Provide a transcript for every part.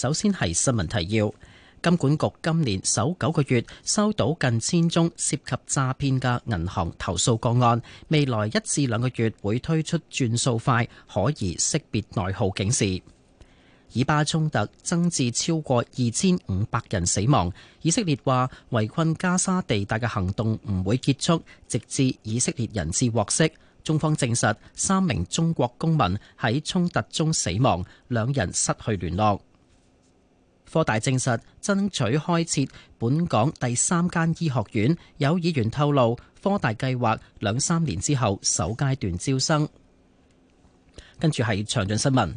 首先係新聞提要。金管局今年首九個月收到近千宗涉及詐騙嘅銀行投訴個案。未來一至兩個月會推出轉數快，可疑識別代號警示。以巴衝突增至超過二千五百人死亡。以色列話圍困加沙地帶嘅行動唔會結束，直至以色列人質獲釋。中方證實三名中國公民喺衝突中死亡，兩人失去聯絡。科大證實爭取開設本港第三間醫學院。有議員透露，科大計劃兩三年之後首階段招生。跟住係詳盡新聞，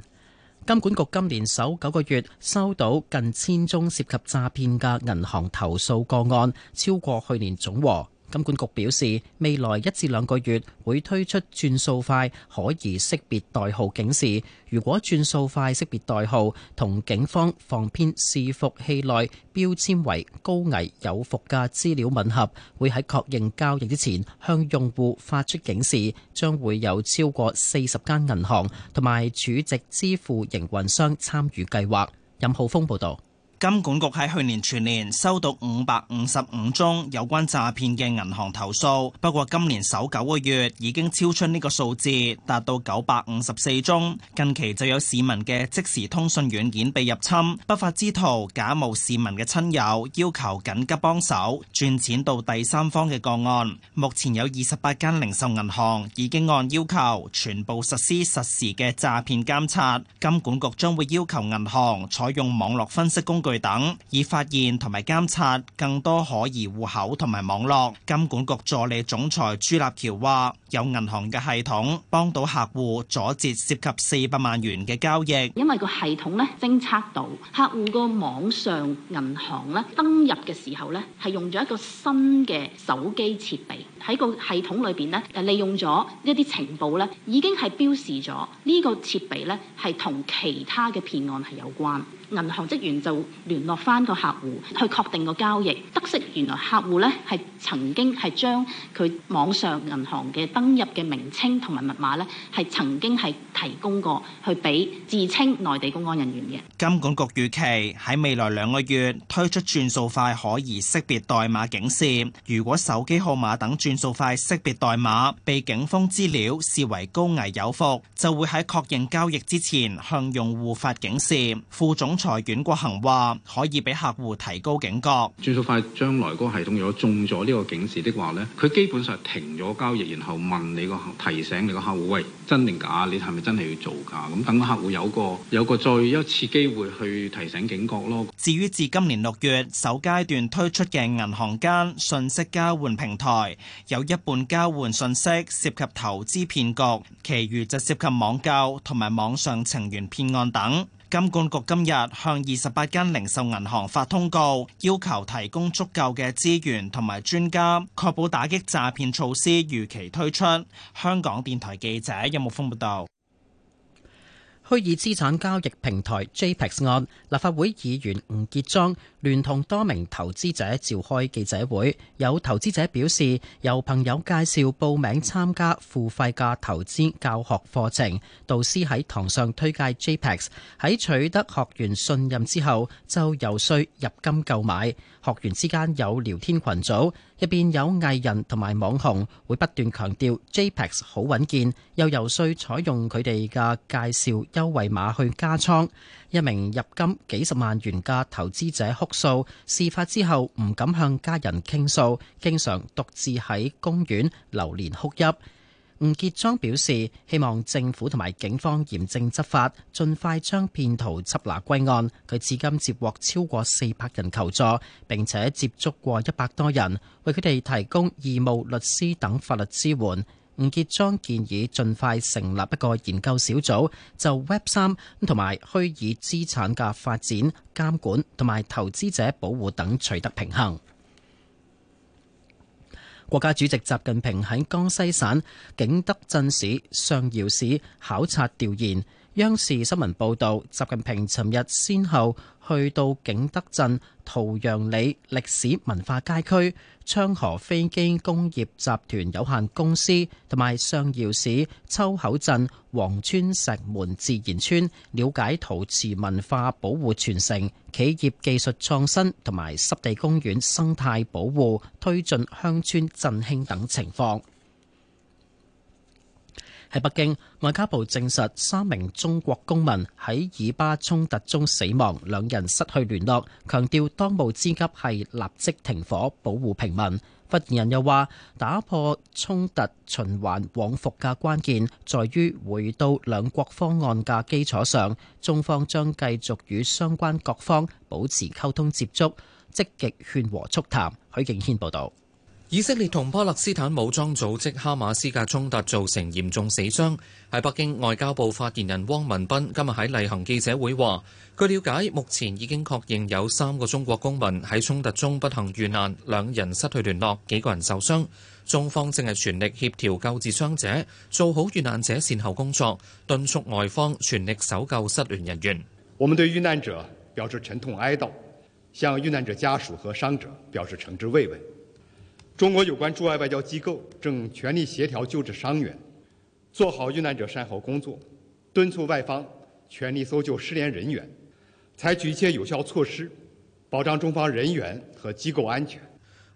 金管局今年首九個月收到近千宗涉及詐騙嘅銀行投訴個案，超過去年總和。金管局表示，未來一至兩個月會推出轉數快可疑識別代號警示。如果轉數快識別代號同警方防騙視伏器內標籤為高危有伏嘅資料吻合，會喺確認交易之前向用戶發出警示。將會有超過四十間銀行同埋儲值支付營運商參與計劃。任浩峰報道。金管局喺去年全年收到五百五十五宗有關詐騙嘅銀行投訴，不過今年首九個月已經超出呢個數字，達到九百五十四宗。近期就有市民嘅即時通訊軟件被入侵，不法之徒假冒市民嘅親友，要求緊急幫手轉錢到第三方嘅個案。目前有二十八間零售銀行已經按要求全部實施實時嘅詐騙監察。金管局將會要求銀行採用網絡分析工具。等以發現同埋監察更多可疑戶口同埋網絡，金管局助理總裁朱立橋話：有銀行嘅系統幫到客戶阻截涉及四百萬元嘅交易，因為個系統咧偵測到客戶個網上銀行咧登入嘅時候咧係用咗一個新嘅手機設備，喺個系統裏邊咧利用咗一啲情報咧已經係標示咗呢個設備咧係同其他嘅騙案係有關。銀行職員就。聯絡返個客戶去確定個交易，得悉原來客戶呢係曾經係將佢網上銀行嘅登入嘅名稱同埋密碼呢係曾經係提供過去俾自稱內地公安人員嘅。金管局預期喺未來兩個月推出轉數快可疑識別代碼警示，如果手機號碼等轉數快識別代碼被警方資料視為高危有伏，就會喺確認交易之前向用戶發警示。副總裁阮國恒話。可以俾客戶提高警覺。轉數快將來嗰個系統，如果中咗呢個警示的話呢，佢基本上停咗交易，然後問你個提醒你個客戶：喂，真定假？你係咪真係要做㗎？咁等個客戶有個有個再一次機會去提醒警覺咯。至於自今年六月首階段推出嘅銀行間信息交換平台，有一半交換信息涉及投資騙局，其餘就涉及網購同埋網上情緣騙案等。金管局今日向二十八間零售銀行發通告，要求提供足夠嘅資源同埋專家，確保打擊詐騙措施如期推出。香港電台記者邱木豐報道。虛擬資產交易平台 JPEX 案，立法會議員吳傑莊聯同多名投資者召開記者會，有投資者表示由朋友介紹報名參加付費嘅投資教學課程，導師喺堂上推介 JPEX，喺取得學員信任之後就遊說入金購買，學員之間有聊天群組。入邊有藝人同埋網紅會不斷強調 JPEX 好穩健，又遊說採用佢哋嘅介紹優惠碼去加倉。一名入金幾十萬元嘅投資者哭訴，事發之後唔敢向家人傾訴，經常獨自喺公園流連哭泣。吳傑莊表示，希望政府同埋警方嚴正執法，盡快將騙徒緝拿歸案。佢至今接獲超過四百人求助，並且接觸過一百多人，為佢哋提供義務律師等法律支援。吳傑莊建議盡快成立一個研究小組，就 Web 三同埋虛擬資產嘅發展監管同埋投資者保護等取得平衡。國家主席習近平喺江西省景德鎮市上饒市考察調研。央視新聞報道，習近平尋日先後去到景德鎮陶陽里歷史文化街區、昌河飛機工業集團有限公司，同埋上饒市秋口鎮黃村石門自然村，了解陶瓷文化保護傳承、企業技術創新同埋濕地公園生態保護、推進鄉村振興等情況。喺北京，外交部證實三名中國公民喺以巴衝突中死亡，兩人失去聯絡，強調當務之急係立即停火，保護平民。發言人又話：打破衝突循環往復嘅關鍵在於回到兩國方案嘅基礎上。中方將繼續與相關各方保持溝通接觸，積極勸和促談。許敬軒報道。以色列同巴勒斯坦武裝組織哈馬斯嘅衝突造成嚴重死傷。喺北京，外交部發言人汪文斌今日喺例行記者會話，據了解，目前已經確認有三個中國公民喺衝突中不幸遇難，兩人失去聯絡，幾個人受傷。中方正係全力協調救治傷者，做好遇難者善後工作，敦促外方全力搜救失聯人員。我們對遇難者表示沉痛哀悼，向遇難者家屬和傷者表示誠摯慰問。中國有關駐外外交機構正全力協調救治傷員，做好遇難者善後工作，敦促外方全力搜救失聯人員，採取一切有效措施，保障中方人員和機構安全。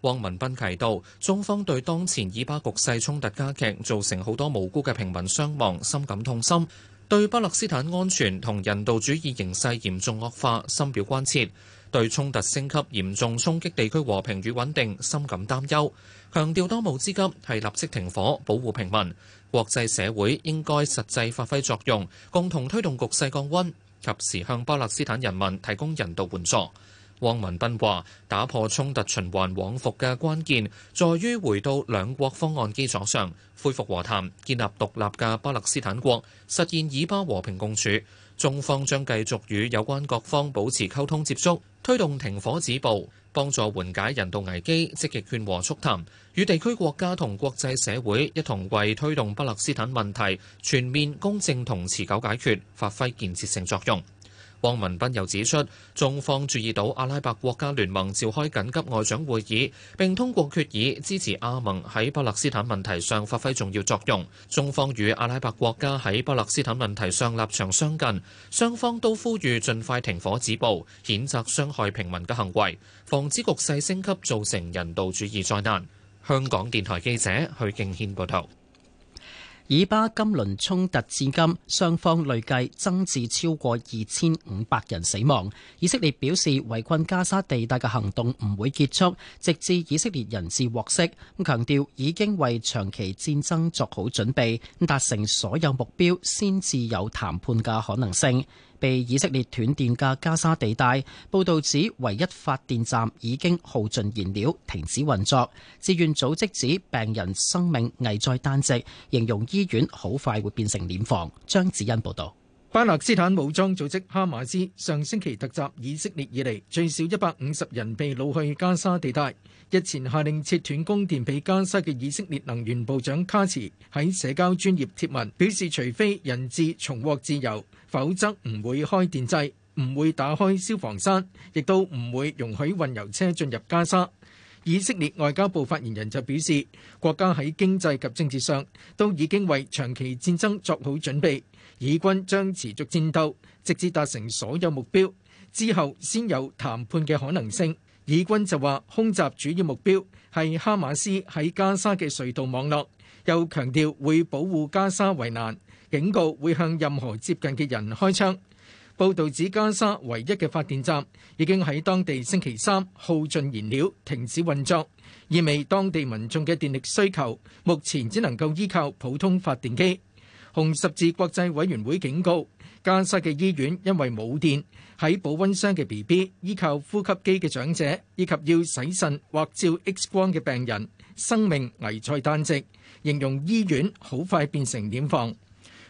汪文斌提到，中方對當前以巴局勢衝突加劇，造成好多無辜嘅平民傷亡，深感痛心；對巴勒斯坦安全同人道主義形勢嚴重惡化，深表關切。對衝突升級嚴重衝擊地區和平與穩定，深感擔憂。強調當務之急係立即停火，保護平民。國際社會應該實際發揮作用，共同推動局勢降温，及時向巴勒斯坦人民提供人道援助。汪文斌話：打破衝突循環往復嘅關鍵，在於回到兩國方案基礎上，恢復和談，建立獨立嘅巴勒斯坦國，實現以巴和平共處。中方將繼續與有關各方保持溝通接觸。推動停火止暴，幫助緩解人道危機，積極勸和促談，與地區國家同國際社會一同為推動巴勒斯坦問題全面公正同持久解決發揮建設性作用。汪文斌又指出，中方注意到阿拉伯國家聯盟召開緊急外長會議，並通過決議支持阿盟喺巴勒斯坦問題上發揮重要作用。中方與阿拉伯國家喺巴勒斯坦問題上立場相近，雙方都呼籲盡快停火止暴，譴責傷害平民嘅行為，防止局勢升級造成人道主義災難。香港電台記者許敬軒報道。以巴今輪衝突至今，雙方累計增至超過二千五百人死亡。以色列表示圍困加沙地帶嘅行動唔會結束，直至以色列人質獲釋。咁強調已經為長期戰爭作好準備，咁達成所有目標先至有談判嘅可能性。被以色列斷電嘅加沙地帶，報導指唯一發電站已經耗盡燃料，停止運作。志願組織指病人生命危在旦夕，形容醫院好快會變成殮房。張子欣報導。巴勒斯坦武裝組織哈馬斯上星期突襲以色列以嚟，最少一百五十人被擄去加沙地帶。日前下令切斷供電俾加沙嘅以色列能源部長卡茨喺社交專業貼文表示，除非人質重獲自由，否則唔會開電掣，唔會打開消防栓，亦都唔會容許運油車進入加沙。以色列外交部發言人就表示，國家喺經濟及政治上都已經為長期戰爭作好準備，以軍將持續戰鬥，直至達成所有目標之後先有談判嘅可能性。以軍就話，空襲主要目標係哈馬斯喺加沙嘅隧道網絡，又強調會保護加沙圍欄。警告會向任何接近嘅人開槍。報道指加沙唯一嘅發電站已經喺當地星期三耗盡燃料，停止運作，意味當地民眾嘅電力需求目前只能夠依靠普通發電機。紅十字國際委員會警告，加沙嘅醫院因為冇電，喺保溫箱嘅 BB、依靠呼吸機嘅長者以及要洗腎或照 X 光嘅病人，生命危在旦夕。形容醫院好快變成殮房。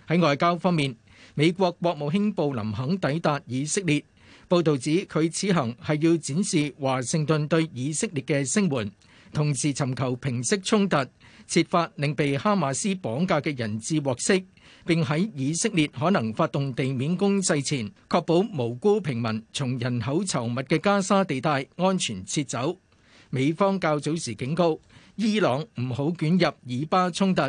喺外交方面，美國國務卿布林肯抵達以色列。報道指佢此行係要展示華盛頓對以色列嘅聲援，同時尋求平息衝突，設法令被哈馬斯綁架嘅人質獲釋，並喺以色列可能發動地面攻勢前，確保無辜平民從人口稠密嘅加沙地帶安全撤走。美方較早時警告伊朗唔好捲入以巴衝突。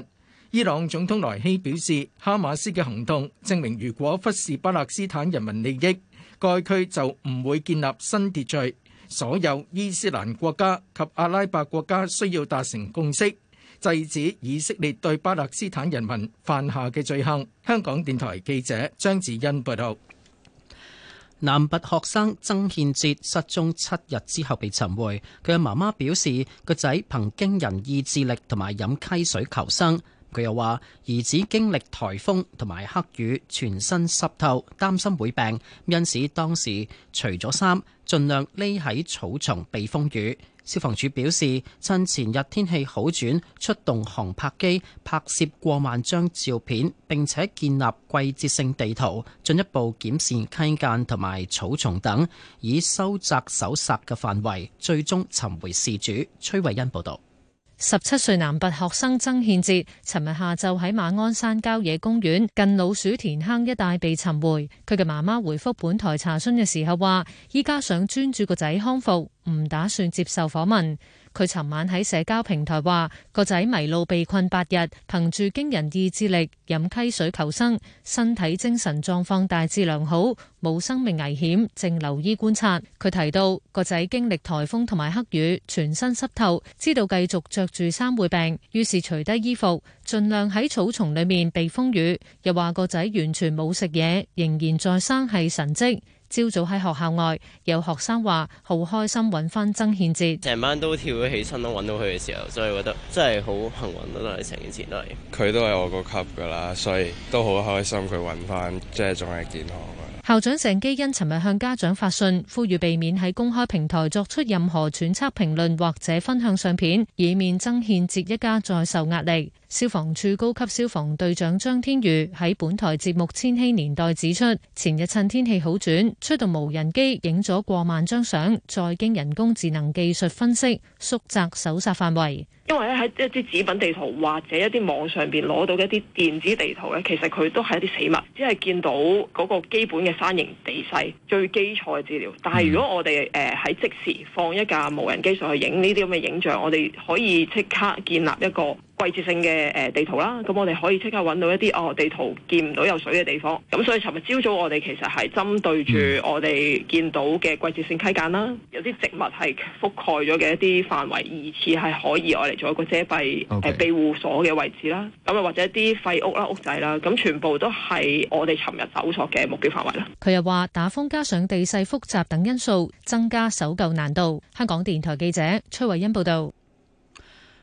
伊朗總統萊希表示，哈馬斯嘅行動證明，如果忽視巴勒斯坦人民利益，該區就唔會建立新秩序。所有伊斯蘭國家及阿拉伯國家需要達成共識，制止以色列對巴勒斯坦人民犯下嘅罪行。香港電台記者張子欣報道，南拔學生曾獻哲失蹤七日之後被尋回，佢嘅媽媽表示，個仔憑驚人意志力同埋飲溪水求生。佢又話：兒子經歷颱風同埋黑雨，全身濕透，擔心會病，因此當時除咗衫，盡量匿喺草叢避風雨。消防處表示，趁前日天氣好轉，出動航拍機拍攝過萬張照片，並且建立季節性地圖，進一步檢視溪澗同埋草叢等，以收窄搜索嘅範圍，最終尋回事主。崔慧恩報導。十七歲男拔學生曾憲哲，尋日下晝喺馬鞍山郊野公園近老鼠田坑一帶被尋回。佢嘅媽媽回覆本台查詢嘅時候話：依家想專注個仔康復，唔打算接受訪問。佢尋晚喺社交平台話個仔迷路被困八日，憑住驚人意志力飲溪水求生，身體精神狀況大致良好，冇生命危險，正留醫觀察。佢提到個仔經歷颱風同埋黑雨，全身濕透，知道繼續着住衫會病，於是除低衣服，盡量喺草叢裏面避風雨。又話個仔完全冇食嘢，仍然在生係神蹟。朝早喺學校外有學生話好開心，揾翻曾憲哲，成班都跳咗起身，都揾到佢嘅時候，所以覺得真係好幸運咯。成件事都係佢都係我個級噶啦，所以都好開心。佢揾翻即係仲係健康嘅校長鄭基恩，尋日向家長發信，呼籲避免喺公開平台作出任何揣測評論或者分享相片，以免曾憲哲一家再受壓力。消防處高級消防隊長張天宇喺本台節目《千禧年代》指出，前日趁天氣好轉，出動無人機影咗過萬張相，再經人工智能技術分析，縮窄搜查範圍。因為喺一啲紙品地圖或者一啲網上邊攞到一啲電子地圖咧，其實佢都係一啲死物，只係見到嗰個基本嘅山形地勢最基礎嘅資料。但係如果我哋誒喺即時放一架無人機上去影呢啲咁嘅影像，我哋可以即刻建立一個。季節性嘅誒地圖啦，咁我哋可以即刻揾到一啲哦地圖見唔到有水嘅地方，咁所以尋日朝早我哋其實係針對住我哋見到嘅季節性溪澗啦，嗯、有啲植物係覆蓋咗嘅一啲範圍，疑似係可以我嚟做一個遮蔽誒庇護所嘅位置啦。咁啊 Okay. 或者一啲廢屋啦，屋仔啦，咁全部都係我哋尋日搜索嘅目標範圍啦。佢又話打風加上地勢複雜等因素，增加搜救難度。香港電台記者崔慧欣報道。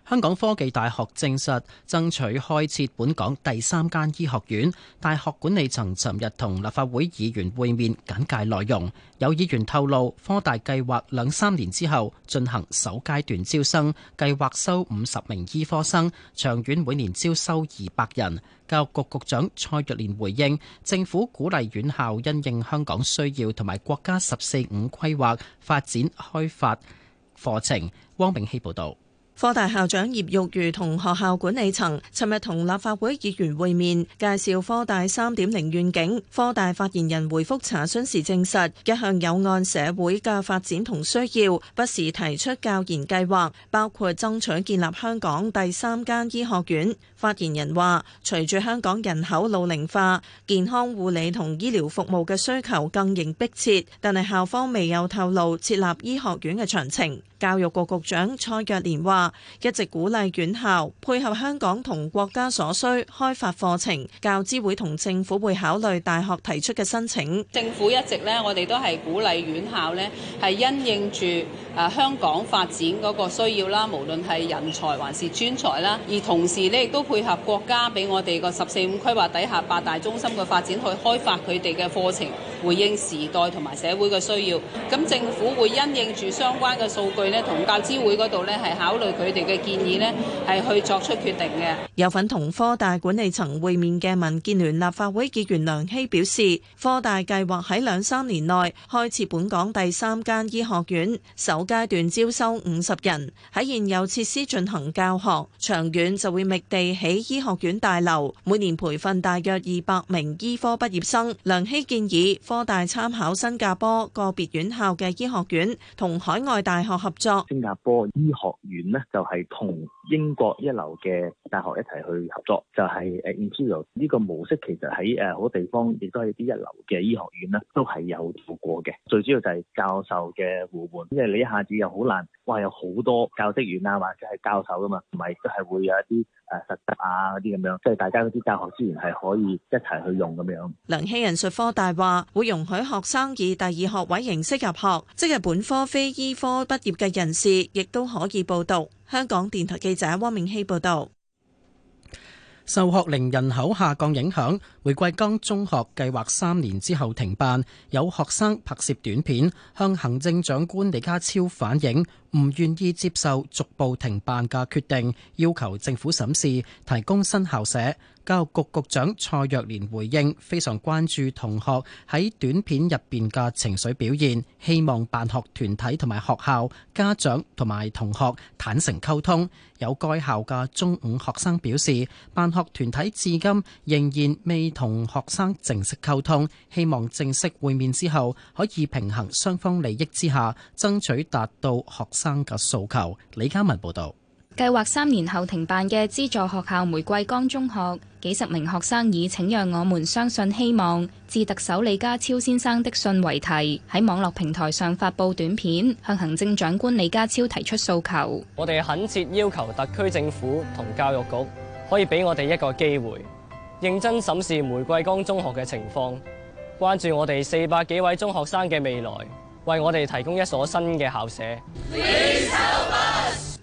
香港科技大學證實爭取開設本港第三間醫學院。大學管理層尋日同立法會議員會面，簡介內容，有議員透露，科大計劃兩三年之後進行首階段招生，計劃收五十名醫科生，長遠每年招收二百人。教育局局長蔡若蓮回應，政府鼓勵院校因應香港需要同埋國家十四五規劃發展開發課程。汪炳希報道。科大校長葉玉如同學校管理層尋日同立法會議員會面，介紹科大三點零願景。科大發言人回覆查詢時證實，一向有按社會嘅發展同需要不時提出教研計劃，包括爭取建立香港第三間醫學院。發言人話，隨住香港人口老齡化，健康護理同醫療服務嘅需求更形迫切，但係校方未有透露設立醫學院嘅詳情。教育局局長蔡若蓮話，一直鼓勵院校配合香港同國家所需開發課程，教資會同政府會考慮大學提出嘅申請。政府一直咧，我哋都係鼓勵院校咧，係因應住誒香港發展嗰個需要啦，無論係人才還是專才啦，而同時咧亦都配合國家俾我哋個十四五規劃底下八大中心嘅發展去開發佢哋嘅課程。回應時代同埋社會嘅需要，咁政府會因應住相關嘅數據咧，同教資會嗰度咧係考慮佢哋嘅建議咧，係去作出決定嘅。有份同科大管理層會面嘅民建聯立法會議員梁希表示，科大計劃喺兩三年內開設本港第三間醫學院，首階段招收五十人喺現有設施進行教學，長遠就會覓地起醫學院大樓，每年培訓大約二百名醫科畢業生。梁希建議。科大參考新加坡個別院校嘅醫學院同海外大學合作。新加坡醫學院呢，就係同英國一流嘅大學一齊去合作，就係誒呢個模式其實喺誒好多地方亦都係啲一流嘅醫學院呢，都係有做過嘅。最主要就係教授嘅互換，因為你一下子又好難，哇有好多教職員啊或者係教授噶嘛，唔係都係會有一啲。誒，實習啊嗰啲咁樣，即係大家嗰啲教學資源係可以一齊去用咁樣。梁希仁說科大話會容許學生以第二學位形式入學，即係本科非醫科畢業嘅人士，亦都可以報讀。香港電台記者汪明希報道。受學齡人口下降影響，玫瑰崗中學計劃三年之後停辦。有學生拍攝短片向行政長官李家超反映，唔願意接受逐步停辦嘅決定，要求政府審視提供新校舍。教育局局長蔡若蓮回應：非常關注同學喺短片入邊嘅情緒表現，希望辦學團體同埋學校、家長同埋同學坦誠溝通。有該校嘅中五學生表示，辦學團體至今仍然未同學生正式溝通，希望正式會面之後可以平衡雙方利益之下，爭取達到學生嘅訴求。李嘉文報道。計劃三年後停辦嘅資助學校玫瑰崗中學，幾十名學生以“請讓我們相信希望”致特首李家超先生的信為題，喺網絡平台上發佈短片，向行政長官李家超提出訴求。我哋懇切要求特區政府同教育局可以俾我哋一個機會，認真審視玫瑰崗中學嘅情況，關注我哋四百幾位中學生嘅未來，為我哋提供一所新嘅校舍。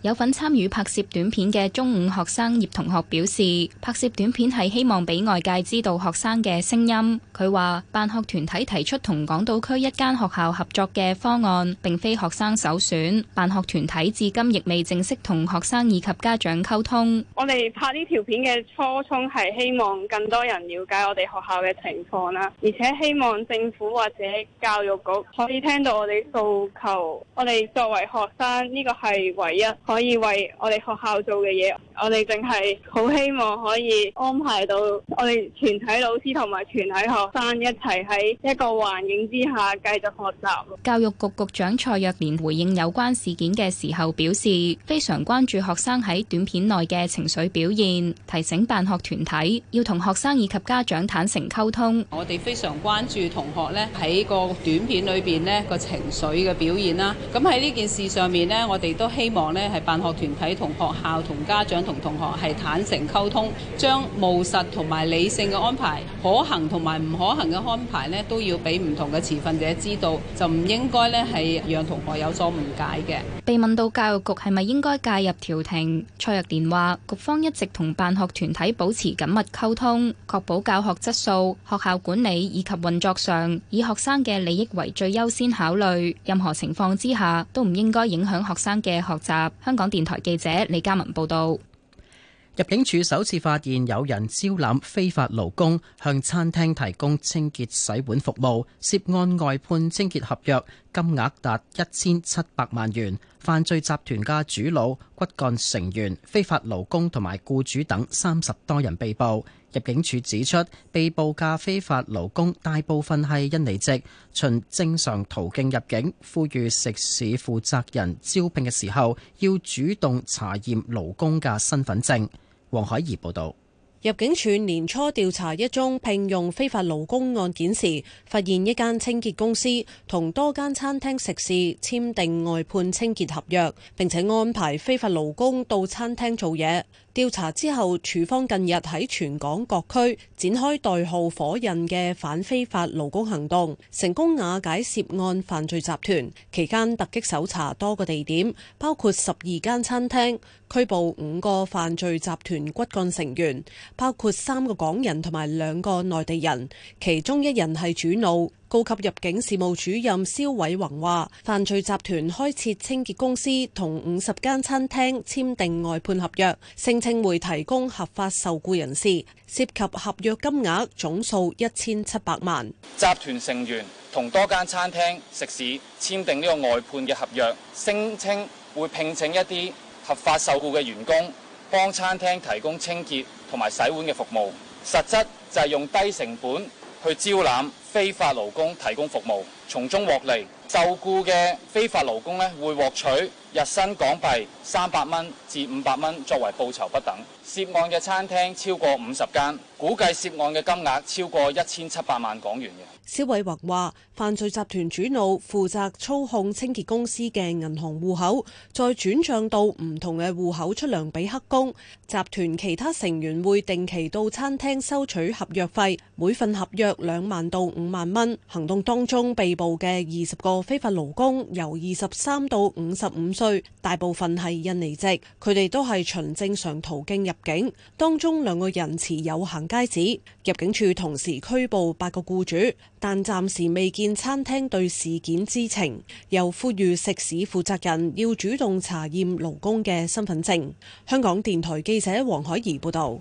有份參與拍攝短片嘅中五學生葉同學表示，拍攝短片係希望俾外界知道學生嘅聲音。佢話，辦學團體提出同港島區一間學校合作嘅方案，並非學生首選。辦學團體至今亦未正式同學生以及家長溝通。我哋拍呢條片嘅初衷係希望更多人了解我哋學校嘅情況啦，而且希望政府或者教育局可以聽到我哋嘅訴求。我哋作為學生，呢個係唯一可以為我哋學校做嘅嘢，我哋淨係好希望可以安排到我哋全體老師同埋全體學生一齊喺一個環境之下繼續學習。教育局局長蔡若蓮回應有關事件嘅時候表示，非常關注學生喺短片內嘅情緒表現，提醒辦學團體要同學生以及家長坦誠溝通。我哋非常關注同學咧喺個短片裏邊咧個情緒嘅表現啦。咁喺呢件事上面咧，我哋都希望咧係。辦學團體同學校同家長同同學係坦誠溝通，將務實同埋理性嘅安排，可行同埋唔可行嘅安排咧，都要俾唔同嘅持份者知道，就唔應該咧係讓同學有所誤解嘅。被問到教育局係咪應該介入調停，蔡若蓮話局方一直同辦學團體保持緊密溝通，確保教學質素、學校管理以及運作上，以學生嘅利益為最優先考慮。任何情況之下都唔應該影響學生嘅學習。香港電台記者李嘉文報道，入境處首次發現有人招攬非法勞工，向餐廳提供清潔洗碗服務，涉案外判清潔合約金額達一千七百萬元，犯罪集團家主腦、骨幹成員、非法勞工同埋僱主等三十多人被捕。入境處指出，被捕嘅非法勞工大部分係印尼籍，循正常途徑入境。呼籲食肆負責人招聘嘅時候，要主動查驗勞工嘅身份證。黃海怡報導。入境處年初調查一宗聘用非法勞工案件時，發現一間清潔公司同多間餐廳食肆簽訂外判清潔合約，並且安排非法勞工到餐廳做嘢。調查之後，處方近日喺全港各區展開代號「火印」嘅反非法勞工行動，成功瓦解涉案犯罪集團。期間突擊搜查多個地點，包括十二間餐廳，拘捕五個犯罪集團骨幹成員，包括三個港人同埋兩個內地人，其中一人係主腦。高級入境事務主任蕭偉宏話，犯罪集團開設清潔公司，同五十間餐廳簽訂外判合約，聲稱會提供合法受僱人士，涉及合約金額總數一千七百萬。集團成員同多間餐廳、食肆簽訂呢個外判嘅合約，聲稱會聘請一啲合法受僱嘅員工，幫餐廳提供清潔同埋洗碗嘅服務。實質就係用低成本。去招攬非法勞工，提供服務，從中獲利。受僱嘅非法勞工呢，會獲取日薪港幣三百蚊至五百蚊作為報酬不等。涉案嘅餐廳超過五十間，估計涉案嘅金額超過一千七百萬港元嘅。蕭偉華話：犯罪集團主腦負責操控清潔公司嘅銀行戶口，再轉賬到唔同嘅戶口出糧俾黑工。集團其他成員會定期到餐廳收取合約費，每份合約兩萬到五萬蚊。行動當中被捕嘅二十個非法勞工，由二十三到五十五歲，大部分係印尼籍，佢哋都係循正常途徑入境，當中兩個人持有行街紙。入境處同時拘捕八個雇主。但，暫時未見餐廳對事件知情，又呼籲食肆負責人要主動查驗勞工嘅身份證。香港電台記者黃海怡報導。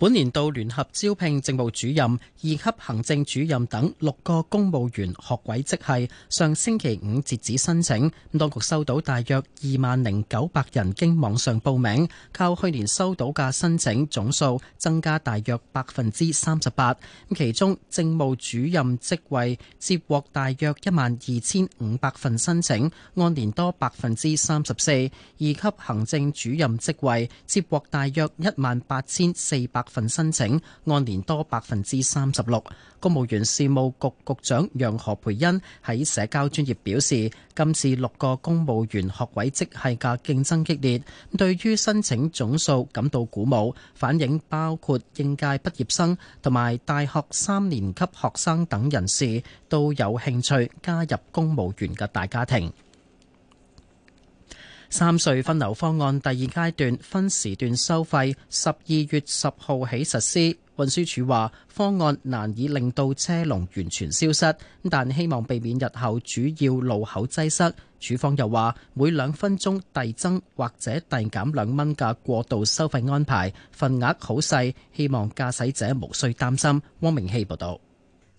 本年度聯合招聘政務主任、二級行政主任等六個公務員學位職系，上星期五截止申請。當局收到大約二萬零九百人經網上報名，較去年收到嘅申請總數增加大約百分之三十八。其中政務主任職位接獲大約一萬二千五百份申請，按年多百分之三十四；二級行政主任職位接獲大約一萬八千四百份申請按年多百分之三十六，公務員事務局局，局長楊何培恩喺社交專業表示，今次六個公務員學位職系嘅競爭激烈，對於申請總數感到鼓舞，反映包括應屆畢業生同埋大學三年級學生等人士都有興趣加入公務員嘅大家庭。三隧分流方案第二階段分時段收費，十二月十號起實施。運輸署話方案難以令到車龍完全消失，但希望避免日後主要路口擠塞。署方又話每兩分鐘遞增或者遞減兩蚊嘅過渡收費安排，份額好細，希望駕駛者無需擔心。汪明希報道。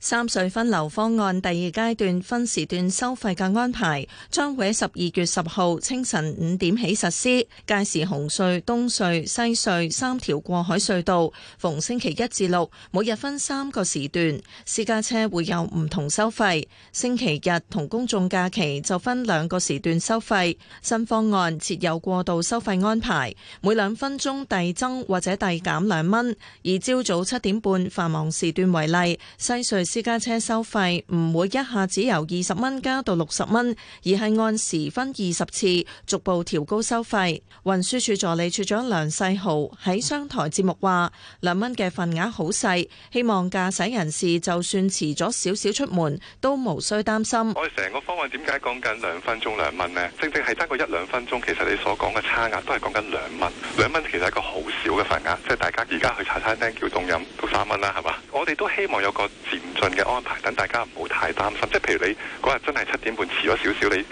三隧分流方案第二階段分時段收費嘅安排，將會喺十二月十號清晨五點起實施。屆時，紅隧、東隧、西隧三條過海隧道，逢星期一至六，每日分三個時段，私家車會有唔同收費。星期日同公眾假期就分兩個時段收費。新方案設有過渡收費安排，每兩分鐘遞增或者遞減兩蚊。以朝早七點半繁忙時段為例，西隧。私家車收費唔會一下子由二十蚊加到六十蚊，而係按時分二十次逐步調高收費。運輸署助理署長梁世豪喺商台節目話：兩蚊嘅份額好細，希望駕駛人士就算遲咗少少出門都無需擔心。我哋成個方案點解講緊兩分鐘兩蚊呢？正正係得個一兩分鐘，其實你所講嘅差額都係講緊兩蚊。兩蚊其實係一個好少嘅份額，即係大家而家去茶餐廳叫凍飲都三蚊啦，係嘛？我哋都希望有個漸。嘅安排，等大家唔好太擔心。即係譬如你嗰日真係七點半遲咗少少，你誒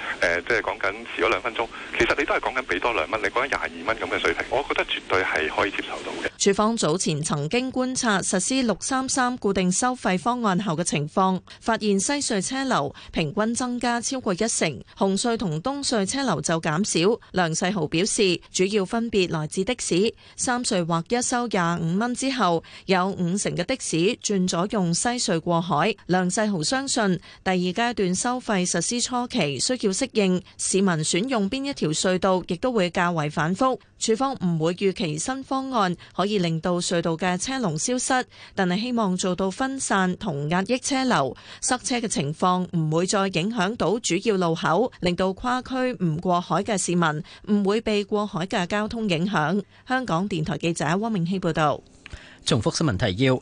即係講緊遲咗兩分鐘，其實你都係講緊俾多兩蚊，你講緊廿二蚊咁嘅水平，我覺得絕對係可以接受到嘅。署方早前曾經觀察實施六三三固定收費方案後嘅情況，發現西隧車流平均增加超過一成，紅隧同東隧車流就減少。梁世豪表示，主要分別來自的士，三隧劃一收廿五蚊之後，有五成嘅的，的士轉咗用西隧過過海。梁世豪相信第二階段收費實施初期需要適應，市民選用邊一條隧道亦都會較為反覆署方唔會預期新方案可以令到隧道嘅車龍消失，但係希望做到分散同壓抑車流，塞車嘅情況唔會再影響到主要路口，令到跨區唔過海嘅市民唔會被過海嘅交通影響。香港電台記者汪明熙報道。重複新聞提要。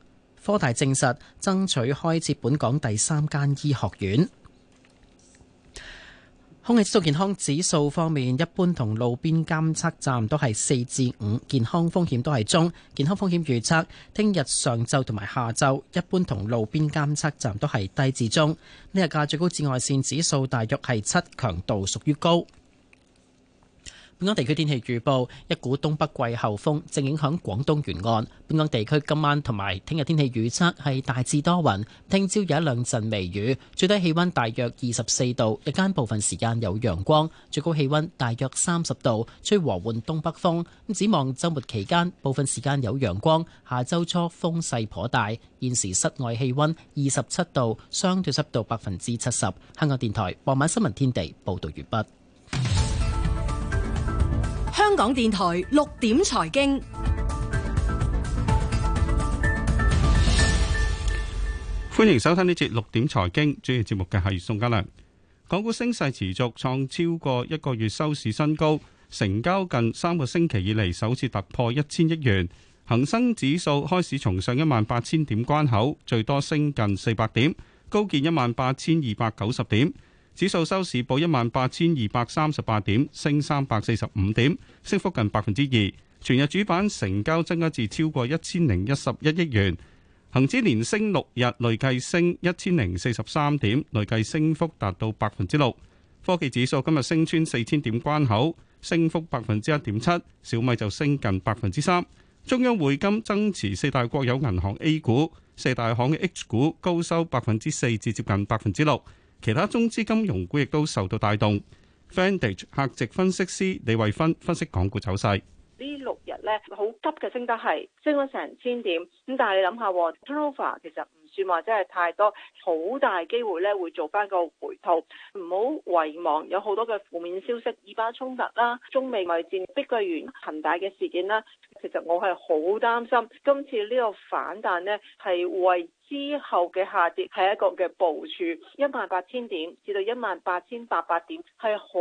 科大證實爭取開設本港第三間醫學院。空氣質素健康指數方面，一般同路邊監測站都係四至五，健康風險都係中。健康風險預測，聽日上晝同埋下晝，一般同路邊監測站都係低至中。呢日嘅最高紫外線指數大約係七，強度屬於高。本港地區天氣預報：一股東北季候風正影響廣東沿岸。本港地區今晚同埋聽日天氣預測係大致多雲，聽朝有一兩陣微雨，最低氣溫大約二十四度，日間部分時間有陽光，最高氣溫大約三十度，吹和緩東北風。咁展望周末期間部分時間有陽光，下周初風勢頗大。現時室外氣溫二十七度，相對濕度百分之七十。香港電台傍晚新聞天地報道完畢。香港電台六點財經，歡迎收聽呢節六點財經主持節目嘅係宋嘉良。港股升勢持續，創超過一個月收市新高，成交近三個星期以嚟首次突破一千億元。恒生指數開始重上一萬八千點關口，最多升近四百點，高見一萬八千二百九十點。指數收市報一萬八千二百三十八點，升三百四十五點，升幅近百分之二。全日主板成交增加至超過一千零一十一億元，恒指連升六日，累計升一千零四十三點，累計升幅達到百分之六。科技指數今日升穿四千點關口，升幅百分之一點七。小米就升近百分之三。中央匯金增持四大國有銀行 A 股，四大行嘅 H 股高收百分之四至接近百分之六。其他中資金融股亦都受到帶動。Vantage 客席分析師李慧芬分析港股走勢：呢六日咧好急嘅，升得係升咗成千點，咁但係你諗下，啊，Truva 其實唔算話真係太多，好大機會咧會做翻個回吐。唔好遺忘有好多嘅負面消息，以巴衝突啦、中美貿易戰、碧桂園恒大嘅事件啦，其實我係好擔心今次呢個反彈呢係為。之後嘅下跌係一個嘅部署，一萬八千點至到一萬八千八百點係好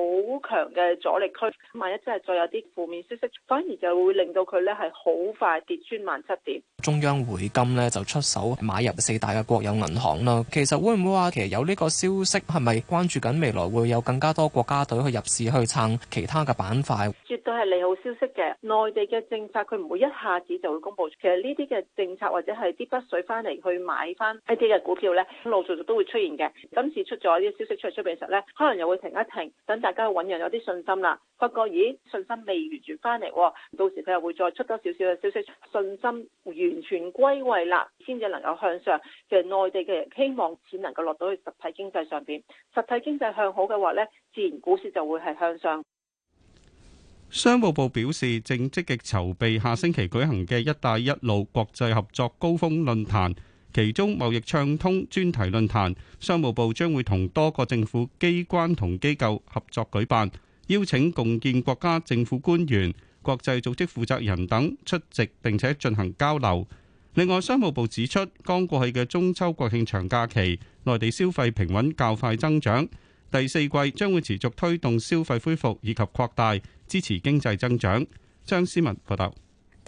強嘅阻力區。萬一真係再有啲負面消息，反而就會令到佢咧係好快跌穿萬七點。中央匯金咧就出手買入四大嘅國有銀行啦。其實會唔會話其實有呢個消息係咪關注緊未來會有更加多國家隊去入市去撐其他嘅板塊？絕對係利好消息嘅。內地嘅政策佢唔會一下子就會公布。其實呢啲嘅政策或者係啲筆水返嚟去買。睇翻一啲嘅股票咧，陸續陸續都會出現嘅。今次出咗啲消息出嚟出面嘅時候咧，可能又會停一停，等大家去揾有啲信心啦。發覺，咦，信心未完全翻嚟，到時佢又會再出多少少嘅消息，信心完全歸位啦，先至能夠向上。其實內地嘅人希望錢能夠落到去實體經濟上邊，實體經濟向好嘅話咧，自然股市就會係向上。商務部表示，正積極籌備下星期舉行嘅「一帶一路」國際合作高峰論壇。其中貿易暢通專題論壇，商務部將會同多個政府機關同機構合作舉辦，邀請共建國家政府官員、國際組織負責人等出席並且進行交流。另外，商務部指出，剛過去嘅中秋國慶長假期，內地消費平穩較快增長，第四季將會持續推動消費恢復以及擴大，支持經濟增長。張思文報道。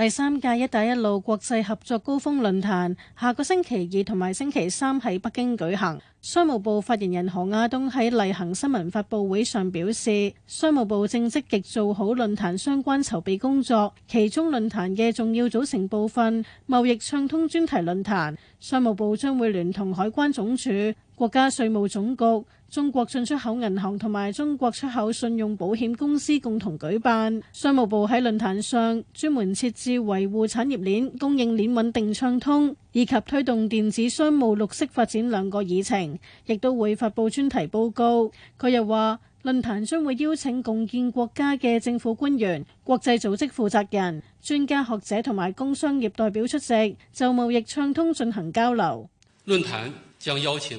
第三屆“一帶一路”國際合作高峰論壇下個星期二同埋星期三喺北京舉行。商務部發言人何亞東喺例行新聞發佈會上表示，商務部正積極做好論壇相關籌備工作，其中論壇嘅重要組成部分貿易暢通專題論壇，商務部將會聯同海關總署、國家稅務總局。中國進出口銀行同埋中國出口信用保險公司共同舉辦。商務部喺論壇上專門設置維護產業鏈、供應鏈穩定暢通，以及推動電子商務綠色發展兩個議程，亦都會發佈專題報告。佢又話，論壇將會邀請共建國家嘅政府官員、國際組織負責人、專家學者同埋工商業代表出席，就貿易暢通進行交流。論壇將邀請。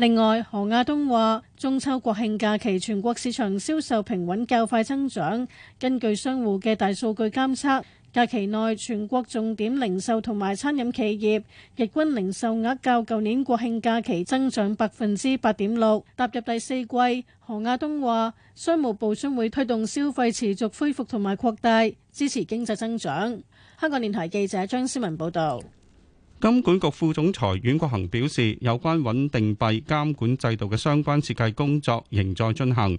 另外，何亞東話：中秋國慶假期全國市場銷售平穩，較快增長。根據商戶嘅大數據監測，假期內全國重點零售同埋餐飲企業日均零售額較舊年國慶假期增長百分之八點六。踏入第四季，何亞東話：商務部將會推動消費持續恢復同埋擴大，支持經濟增長。香港電台記者張思文報道。金管局副總裁阮國恒表示，有關穩定幣監管制度嘅相關設計工作仍在進行，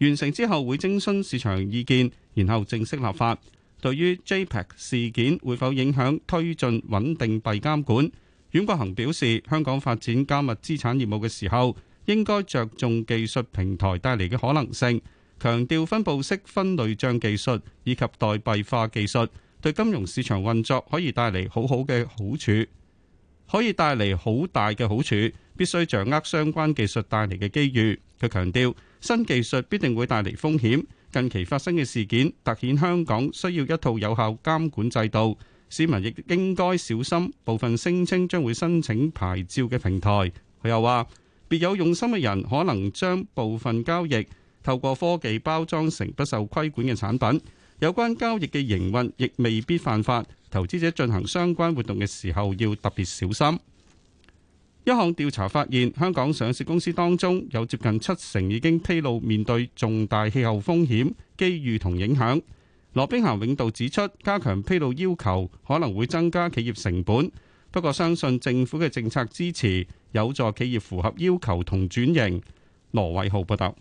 完成之後會徵詢市場意見，然後正式立法。對於 JPEX 事件會否影響推進穩定幣監管，阮國恒表示，香港發展加密資產業務嘅時候，應該着重技術平台帶嚟嘅可能性，強調分佈式分類賬技術以及代幣化技術。對金融市場運作可以帶嚟好好嘅好處，可以帶嚟好大嘅好處，必須掌握相關技術帶嚟嘅機遇。佢強調，新技術必定會帶嚟風險。近期發生嘅事件凸顯香港需要一套有效監管制度，市民亦應該小心部分聲稱將會申請牌照嘅平台。佢又話，別有用心嘅人可能將部分交易透過科技包裝成不受規管嘅產品。有關交易嘅營運亦未必犯法，投資者進行相關活動嘅時候要特別小心。一項調查發現，香港上市公司當中有接近七成已經披露面對重大氣候風險、機遇同影響。羅兵咸永道指出，加強披露要求可能會增加企業成本，不過相信政府嘅政策支持有助企業符合要求同轉型。羅偉浩報道。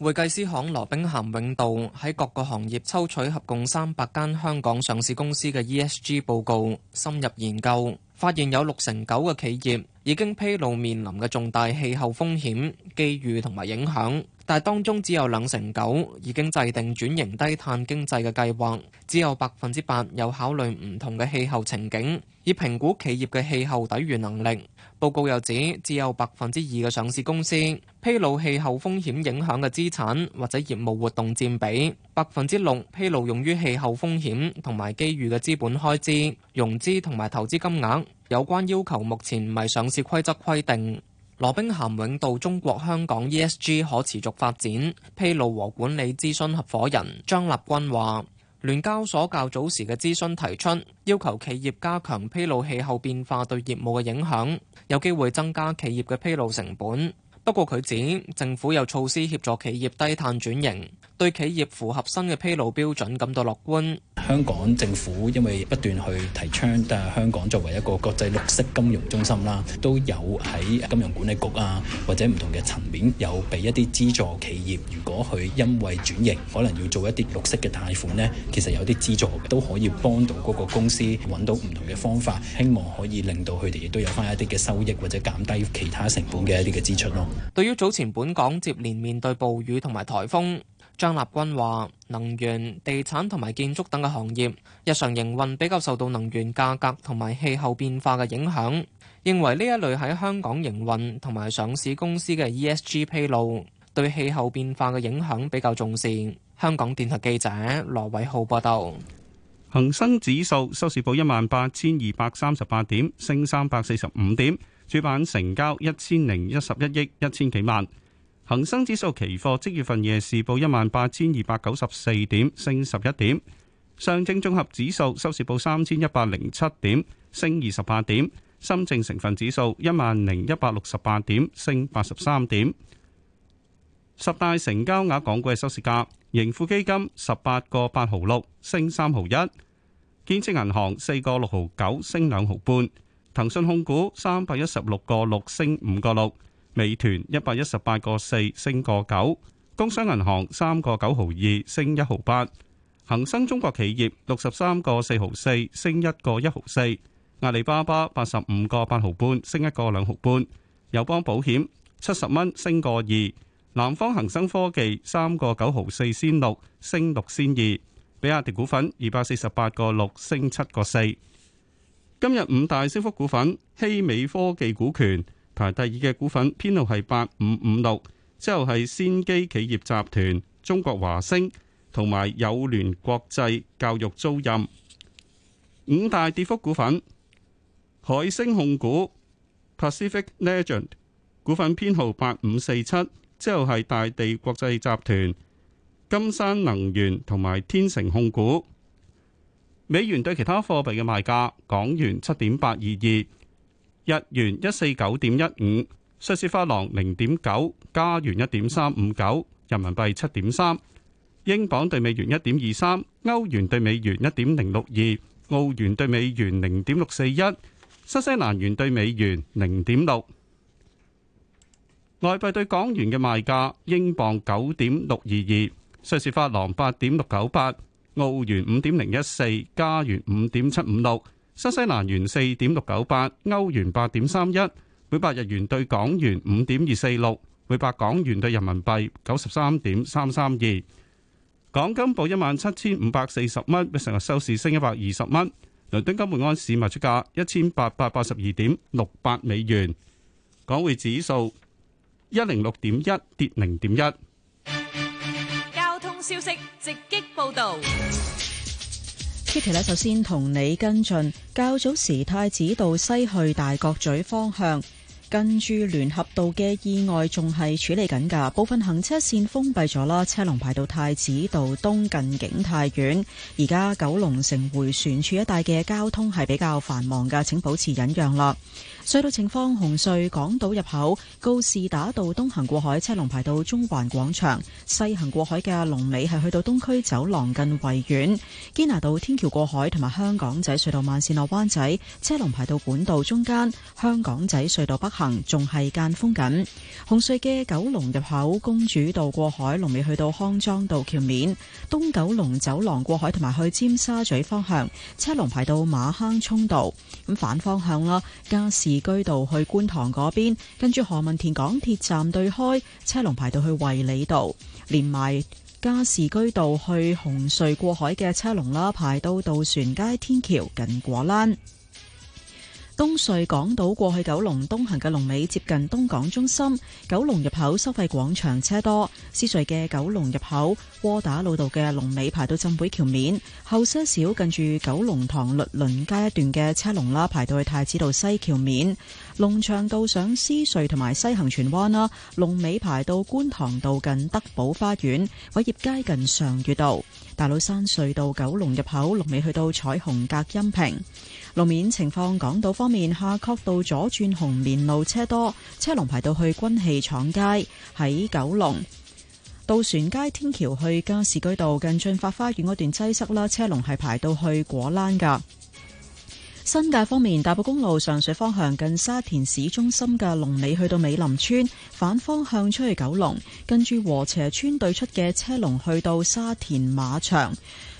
會計師行羅兵咸永道喺各個行業抽取合共三百間香港上市公司嘅 ESG 報告，深入研究，發現有六成九嘅企業已經披露面臨嘅重大氣候風險、機遇同埋影響。但當中只有兩成九已經制定轉型低碳經濟嘅計劃，只有百分之八有考慮唔同嘅氣候情景，以評估企業嘅氣候抵禦能力。報告又指，只有百分之二嘅上市公司披露氣候風險影響嘅資產或者業務活動佔比，百分之六披露用於氣候風險同埋機遇嘅資本開支、融資同埋投資金額。有關要求目前唔係上市規則規定。羅兵咸永道中國香港 ESG 可持續發展披露和管理諮詢合伙人張立軍話：聯交所較早時嘅諮詢提出，要求企業加強披露氣候變化對業務嘅影響，有機會增加企業嘅披露成本。不過佢指，政府有措施協助企業低碳轉型。對企業符合新嘅披露標準感到樂觀。香港政府因為不斷去提倡，但香港作為一個國際綠色金融中心啦，都有喺金融管理局啊，或者唔同嘅層面有俾一啲資助企業。如果佢因為轉型，可能要做一啲綠色嘅貸款呢，其實有啲資助都可以幫到嗰個公司揾到唔同嘅方法，希望可以令到佢哋亦都有翻一啲嘅收益，或者減低其他成本嘅一啲嘅支出咯。對於早前本港接連面對暴雨同埋颱風。張立軍話：能源、地產同埋建築等嘅行業，日常營運比較受到能源價格同埋氣候變化嘅影響。認為呢一類喺香港營運同埋上市公司嘅 ESG 披露，對氣候變化嘅影響比較重視。香港電台記者羅偉浩報道。恆生指數收市報一萬八千二百三十八點，升三百四十五點，主板成交一千零一十一億一千幾萬。恒生指數期貨即月份夜市報一萬八千二百九十四點，升十一點。上證綜合指數收市報三千一百零七點，升二十八點。深證成分指數一萬零一百六十八點，升八十三點。十大成交額港股嘅收市價：盈富基金十八個八毫六，升三毫一；建設銀行四個六毫九，升兩毫半；騰訊控股三百一十六個六，升五個六。美團一百一十八個四升個九，工商銀行三個九毫二升一毫八，恒生中國企業六十三個四毫四升一個一毫四，阿里巴巴八十五個八毫半升一個兩毫半，友邦保險七十蚊升個二，南方恒生科技三個九毫四先六升六先二，比亞迪股份二百四十八個六升七個四，今日五大升幅股份：希美科技股權。排第二嘅股份編號係八五五六，之後係先基企業集團、中國華星同埋友聯國際教育租賃。五大跌幅股份：海星控股 （Pacific Legend） 股份編號八五四七，之後係大地國際集團、金山能源同埋天成控股。美元對其他貨幣嘅賣價：港元七點八二二。日元一四九點一五，瑞士法郎零點九，加元一點三五九，人民幣七點三，英鎊兌美元一點二三，歐元兌美元一點零六二，澳元兌美元零點六四一，新西蘭元兌美元零點六。外幣兌港元嘅賣價：英鎊九點六二二，瑞士法郎八點六九八，澳元五點零一四，加元五點七五六。新西蘭元四點六九八，歐元八點三一，每百日元對港元五點二四六，每百港元對人民幣九十三點三三二。港金報一萬七千五百四十蚊，比成日收市升一百二十蚊。倫敦金每盎司賣出價一千八百八十二點六八美元。港匯指數一零六點一，跌零點一。交通消息直擊報道。Kitty 咧，首先同你跟進較早時太子道西去大角咀方向，跟住聯合道嘅意外仲係處理緊噶，部分行車線封閉咗啦，車龍排到太子道東近景泰苑，而家九龍城回旋處一帶嘅交通係比較繁忙噶，請保持忍讓啦。隧道情況：紅隧港島入口，告士打道東行過海車龍排到中環廣場；西行過海嘅龍尾係去到東區走廊近維園。堅拿道天橋過海同埋香港仔隧道慢線落灣仔，車龍排到本道中間。香港仔隧道北行仲係間封緊。紅隧嘅九龍入口，公主道過海龍尾去到康莊道橋面。東九龍走廊過海同埋去尖沙咀方向，車龍排到馬坑涌道。咁反方向啦，加士居道去觀塘嗰邊，跟住何文田港鐵站對開，車龍排到去衛理道，連埋加士居道去紅隧過海嘅車龍啦，排到渡船街天橋近果欄。東隧港島過去九龍東行嘅龍尾接近東港中心，九龍入口收費廣場車多；獅隧嘅九龍入口、窩打老道嘅龍尾排到浸會橋面，後些少近住九龍塘律倫街一段嘅車龍啦，排到去太子道西橋面，龍翔道上獅隧同埋西行荃灣啦，龍尾排到觀塘道近德寶花園、偉業街近上月道。大老山隧道九龍入口，龍尾去到彩虹隔音屏。路面情況，港島方面，夏慤道左轉紅棉路車多，車龍排到去軍器廠街喺九龍。渡船街天橋去加士居道近駿發花園嗰段擠塞啦，車龍係排到去果欄㗎。新界方面，大埔公路上水方向近沙田市中心嘅龍尾去到美林村，反方向出去九龍，跟住禾輋村對出嘅車龍去到沙田馬場。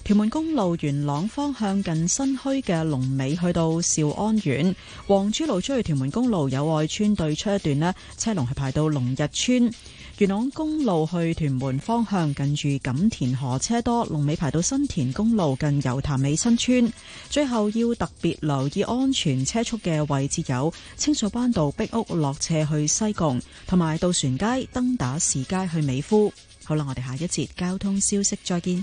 屯門公路元朗方向近新墟嘅龍尾去到兆安苑，黃珠路出去屯門公路友愛村對出一段呢車龍係排到龍日村。元朗公路去屯門方向近住錦田河車多，龍尾排到新田公路近油潭尾新村。最後要特別留意安全車速嘅位置，有清水灣道碧屋落斜去西貢，同埋渡船街登打士街去美孚。好啦，我哋下一節交通消息再見。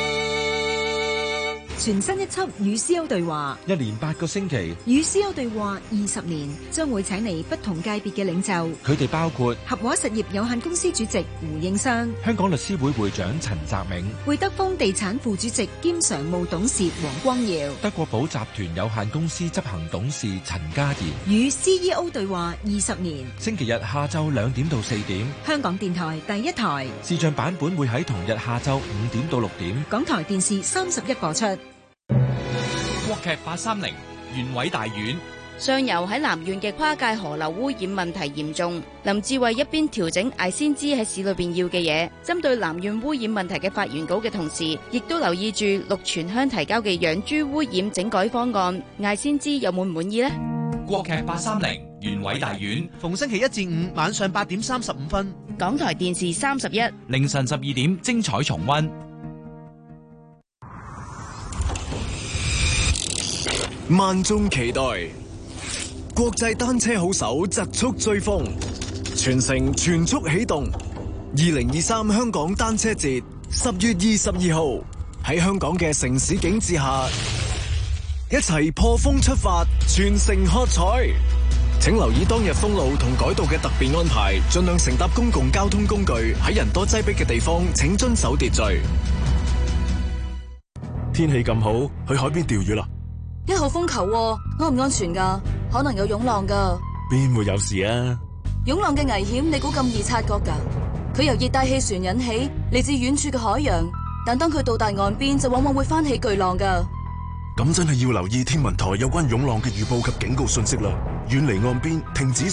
全新一輯《與 CEO 對話》，一連八個星期，《與 CEO 對話》二十年，將會請嚟不同界別嘅領袖，佢哋包括合和實業有限公司主席胡應湘、香港律師會會長陳澤銘、會德豐地產副主席兼常務董事黃光耀、德國寶集團有限公司執行董事陳嘉賢，《與 CEO 對話》二十年，星期日下晝兩點到四點，香港電台第一台視像版本會喺同日下晝五點到六點，港台電視三十一播出。國劇八三零縣委大院，上游喺南苑嘅跨界河流污染問題嚴重。林志為一邊調整艾鮮枝喺市裏邊要嘅嘢，針對南苑污染問題嘅發言稿嘅同時，亦都留意住鹿泉鄉提交嘅養豬污染整改方案。艾鮮枝有滿唔滿意呢？國劇八三零縣委大院，逢星期一至五晚上八點三十五分，港台電視三十一，凌晨十二點精彩重溫。萬眾期待國際單車好手疾速追風，全城全速起動。二零二三香港單車節十月二十二號喺香港嘅城市景致下，一齊破風出發，全城喝彩。請留意當日封路同改道嘅特別安排，盡量乘搭公共交通工具。喺人多擠逼嘅地方，請遵守秩序。天氣咁好，去海邊釣魚啦！一號風球、啊、安唔安全噶、啊？可能有湧浪噶。邊會有事啊？湧浪嘅危險你估咁易察覺噶？佢由熱帶氣旋引起，嚟自遠處嘅海洋，但當佢到達岸邊就往往會翻起巨浪噶。咁真係要留意天文台有關湧浪嘅預報及警告訊息啦。遠離岸邊，停止。